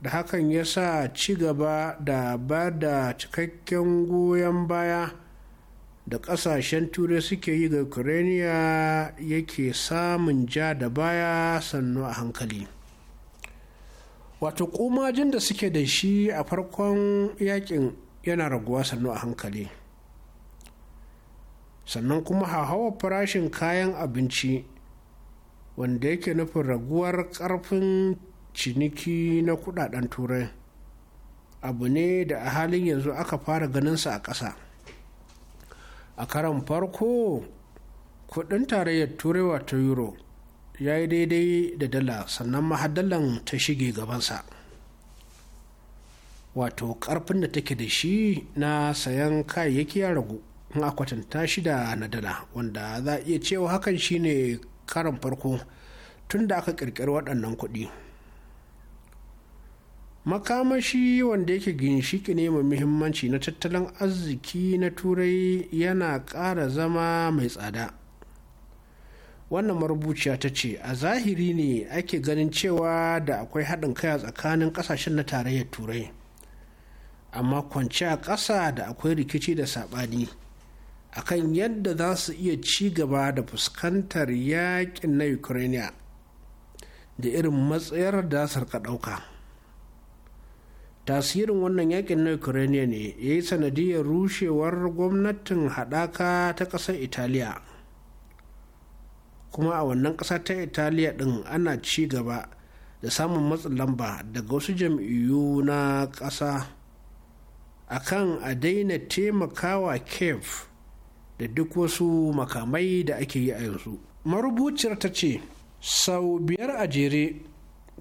da hakan ya sa ci gaba da ba da cikakken goyon baya da ƙasashen turai suke yi ga ukraine yake samun ja da baya sannu a hankali wato ƙumajin da suke da shi a farkon yakin yana raguwa sannu a hankali sannan kuma hawa farashin kayan abinci wanda yake nufin raguwar karfin ciniki na kudaden turai abu ne da a halin yanzu aka fara ganinsa a ƙasa a karan farko kudin tarayyar turai wato euro ya yi daidai da dala sannan mahadalan ta shige gabansa wato karfin da take da shi na sayan kayayyaki ya ragu in a kwatanta shi da na dala wanda za a iya cewa hakan shine karan farko tun da aka kirkiri waɗannan kuɗi. makamashi wanda yake ginshiki ne mai muhimmanci na tattalin arziki na turai yana ƙara zama mai tsada wannan marubuciya ta ce a zahiri ne ake ganin cewa da akwai haɗin kai a tsakanin ƙasashen na tarayyar turai amma kwance a ƙasa da akwai rikici da saɓani akan yadda za su iya ci gaba da fuskantar yaƙin na ukraine da irin matsayar da su ɗauka. ɗauka tasirin wannan yakin na ukraine ne ya yi sanadiyar rushewar gwamnatin haɗaka ta ƙasar italiya kuma a wannan ƙasa ta italiya ɗin ana ci gaba da samun matsin lamba daga wasu jam'iyyu na ƙasa akan a daina taimakawa kef da duk wasu makamai da ake yi a yanzu marubuciyar ta ce sau biyar a jere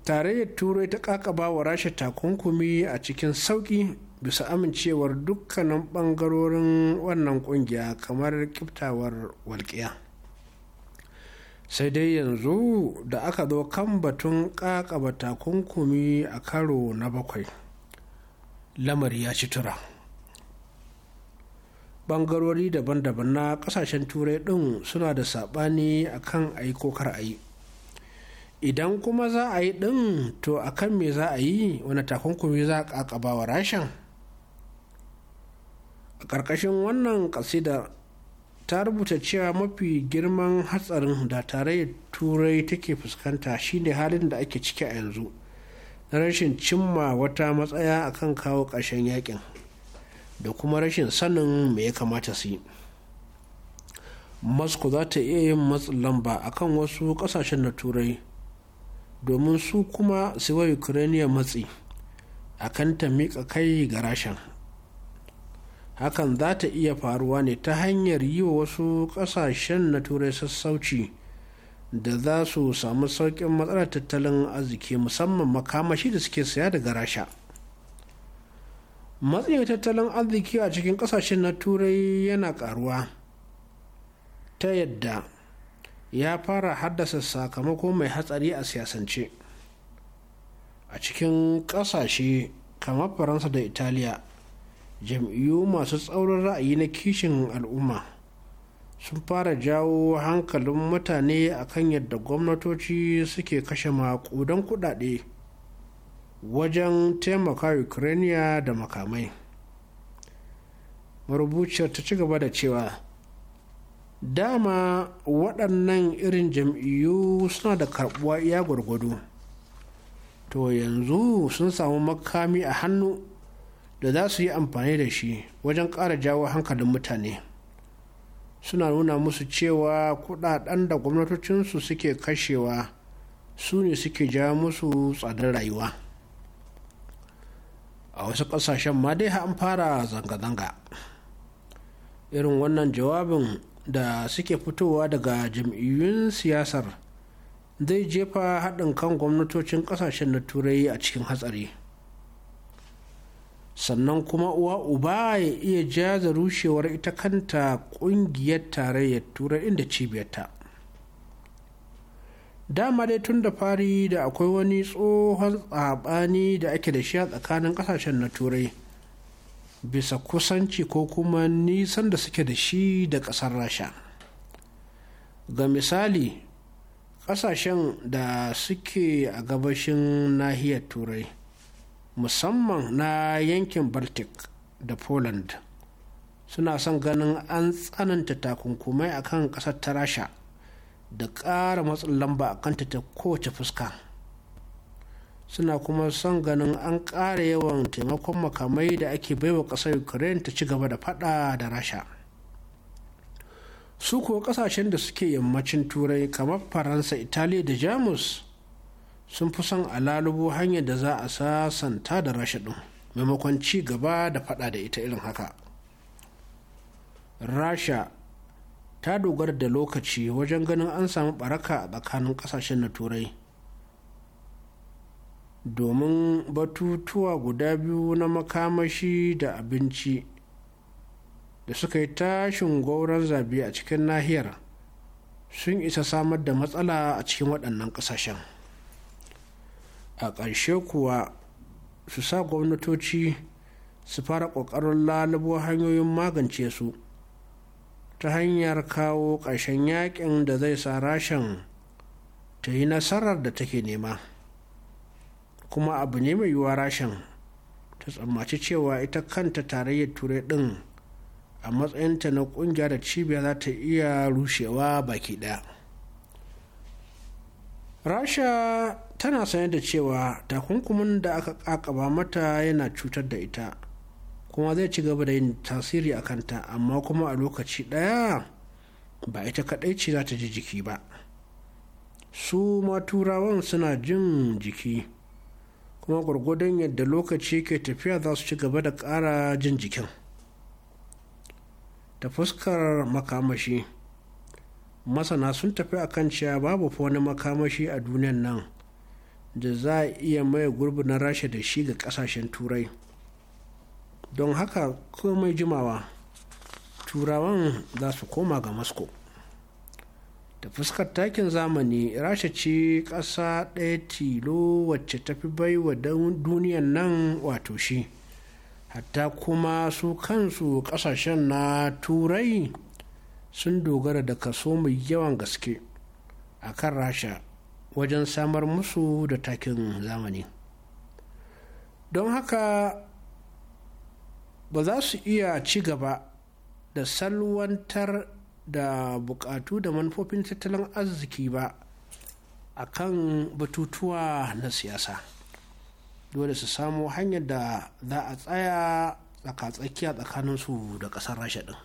tarayyar turai ta kakaba wa rasha takunkumi a cikin sauki bisa amincewar dukkanin bangarorin wannan kungiya kamar kiftawar walƙiya sai dai yanzu da aka zo kan batun kakaba takunkumi a karo na bakwai lamari ya ci tura bangarori daban-daban na kasashen turai ɗin suna da saɓani akan aiko kar ayi idan kuma za a yi ɗin to a kan me za a yi wani takunkumi za a ƙaƙaba wa rashin a ƙarƙashin wannan ƙasidar ta rubuta cewa mafi girman hatsarin da tarayyar turai take fuskanta shine halin da ake ciki a yanzu na rashin cimma wata matsaya akan kawo ƙarshen yakin da kuma rashin sanin me ya kamata su yi moscow za ta iya yin matsin lamba akan wasu ƙasashen na turai domin su kuma su wa ukraine matsi kan ta miƙa kai ga rashin hakan za ta iya faruwa ne ta hanyar yi wa wasu ƙasashen na turai sassauci da za su samu sauƙin matsalar tattalin arziki musamman makamashi da suke saya daga rasha matsayin tattalin arziki a cikin ƙasashen na turai yana ƙaruwa ta yadda ya fara haddasa sakamako mai hatsari a siyasance a cikin ƙasashe kamar faransa da italiya jam'iyyu masu tsaurin ra'ayi na kishin al'umma sun fara jawo hankalin mutane a kan yadda gwamnatoci suke kashe makudan kudade wajen taimaka ukraine da makamai marubuciyar ta ci gaba da cewa dama waɗannan irin jam'iyyu suna da karɓuwa iya gwargwado to yanzu sun samu makami a hannu da za su yi amfani da shi wajen ƙara jawo hankalin mutane suna nuna musu cewa kuɗaɗen da gwamnatocinsu suke kashewa su ne suke ja musu tsadar rayuwa a wasu ƙasashen ma dai an fara zanga-zanga irin wannan jawabin da suke fitowa daga jam'iyyun siyasar zai jefa haɗin kan gwamnatocin ƙasashen na turai a cikin hatsari sannan kuma uwa uba ya iya jaza rushewar ita kanta ƙungiyar tarayyar turai inda cibiyarta dama dai tun da fari da akwai wani tsohon tsabani da ake da shi a tsakanin ƙasashen na turai bisa kusanci ko kuma nisan da suke da shi da ƙasar rasha ga misali ƙasashen da suke a gabashin nahiyar turai musamman na yankin baltic da poland suna son ganin an tsananta takunkumai akan ƙasar ta rasha da ƙara matsin lamba a kanta ta kowace fuska suna kuma son ganin an ƙara yawan taimakon makamai da ake baiwa ƙasar ukraine ta ci gaba da fada da rasha su kuwa ƙasashen da suke yammacin turai kamar faransa italiya da jamus sun fi son alalubo hanyar da za a sasanta da rasha ɗin maimakon ci gaba da fada da ita irin haka rasha ta dogara da lokaci wajen ganin an samu baraka a tsakanin ƙasashen na turai domin batutuwa guda biyu na makamashi da abinci da suka yi tashin gwauron zabe a cikin nahiyar sun isa samar da matsala a cikin waɗannan ƙasashen a ƙarshe kuwa su sa gwamnatoci su fara ƙoƙarin lalubo hanyoyin magance su ta hanyar kawo ƙarshen yaƙin da zai sa rashin ta yi nasarar da take nema. kuma abu ne mai yiwuwa rashin ta tsammaci cewa ita kanta tarayyar turai din a matsayinta na kungiya da cibiya za ta iya rushewa baki daya rasha tana sanye da cewa takunkumin da aka kakaba mata yana cutar da ita kuma zai ci gaba da yin tasiri a kanta amma kuma a lokaci ɗaya ba ita kadai ce za ta ji jiki ba su ma turawan suna jin jiki kuma gwargwadon yadda lokaci ke tafiya za su ci gaba da ƙara jin jikin ta fuskar makamashi masana sun tafi a kan cewa babu wani makamashi a duniyan nan da za a iya maye gurbi na rasha da shi ga kasashen turai don haka komai jimawa turawan za su koma ga moscow Da fuskar takin zamani rasha ce ƙasa ɗaya tilo wacce ta fi wa duniyan nan wato shi hatta kuma su kansu ƙasashen na turai sun dogara da kaso mai yawan gaske a kan rasha wajen samar musu da takin zamani don haka ba za su iya ci gaba da salwantar da bukatu da manufofin tattalin arziki ba a kan batutuwa na siyasa dole su samu hanyar da za a tsaya tsakanin su da ƙasar rasha ɗin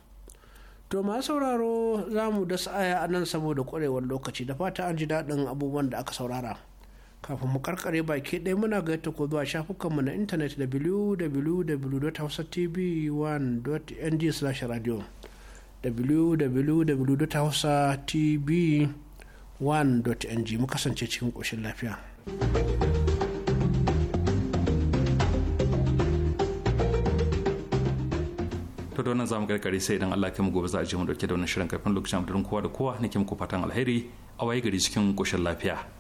to ma sauraro za mu da sa'aya a nan saboda ƙwarewar lokaci da fata an ji daɗin abubuwan da aka saurara kafin mu karkare baki ɗaya muna ga yadda ko zuwa shafukanmu na intanet www.hausatv1.ng/radio www.hausatv1.ng mu kasance cikin ƙoshin lafiya. to nan zamu karkare sai idan Allah ya mu gobe za a je mu dauke da wannan shirin kafin lokacin abdurin kowa da kowa nake muku fatan alheri a waye gari cikin koshin lafiya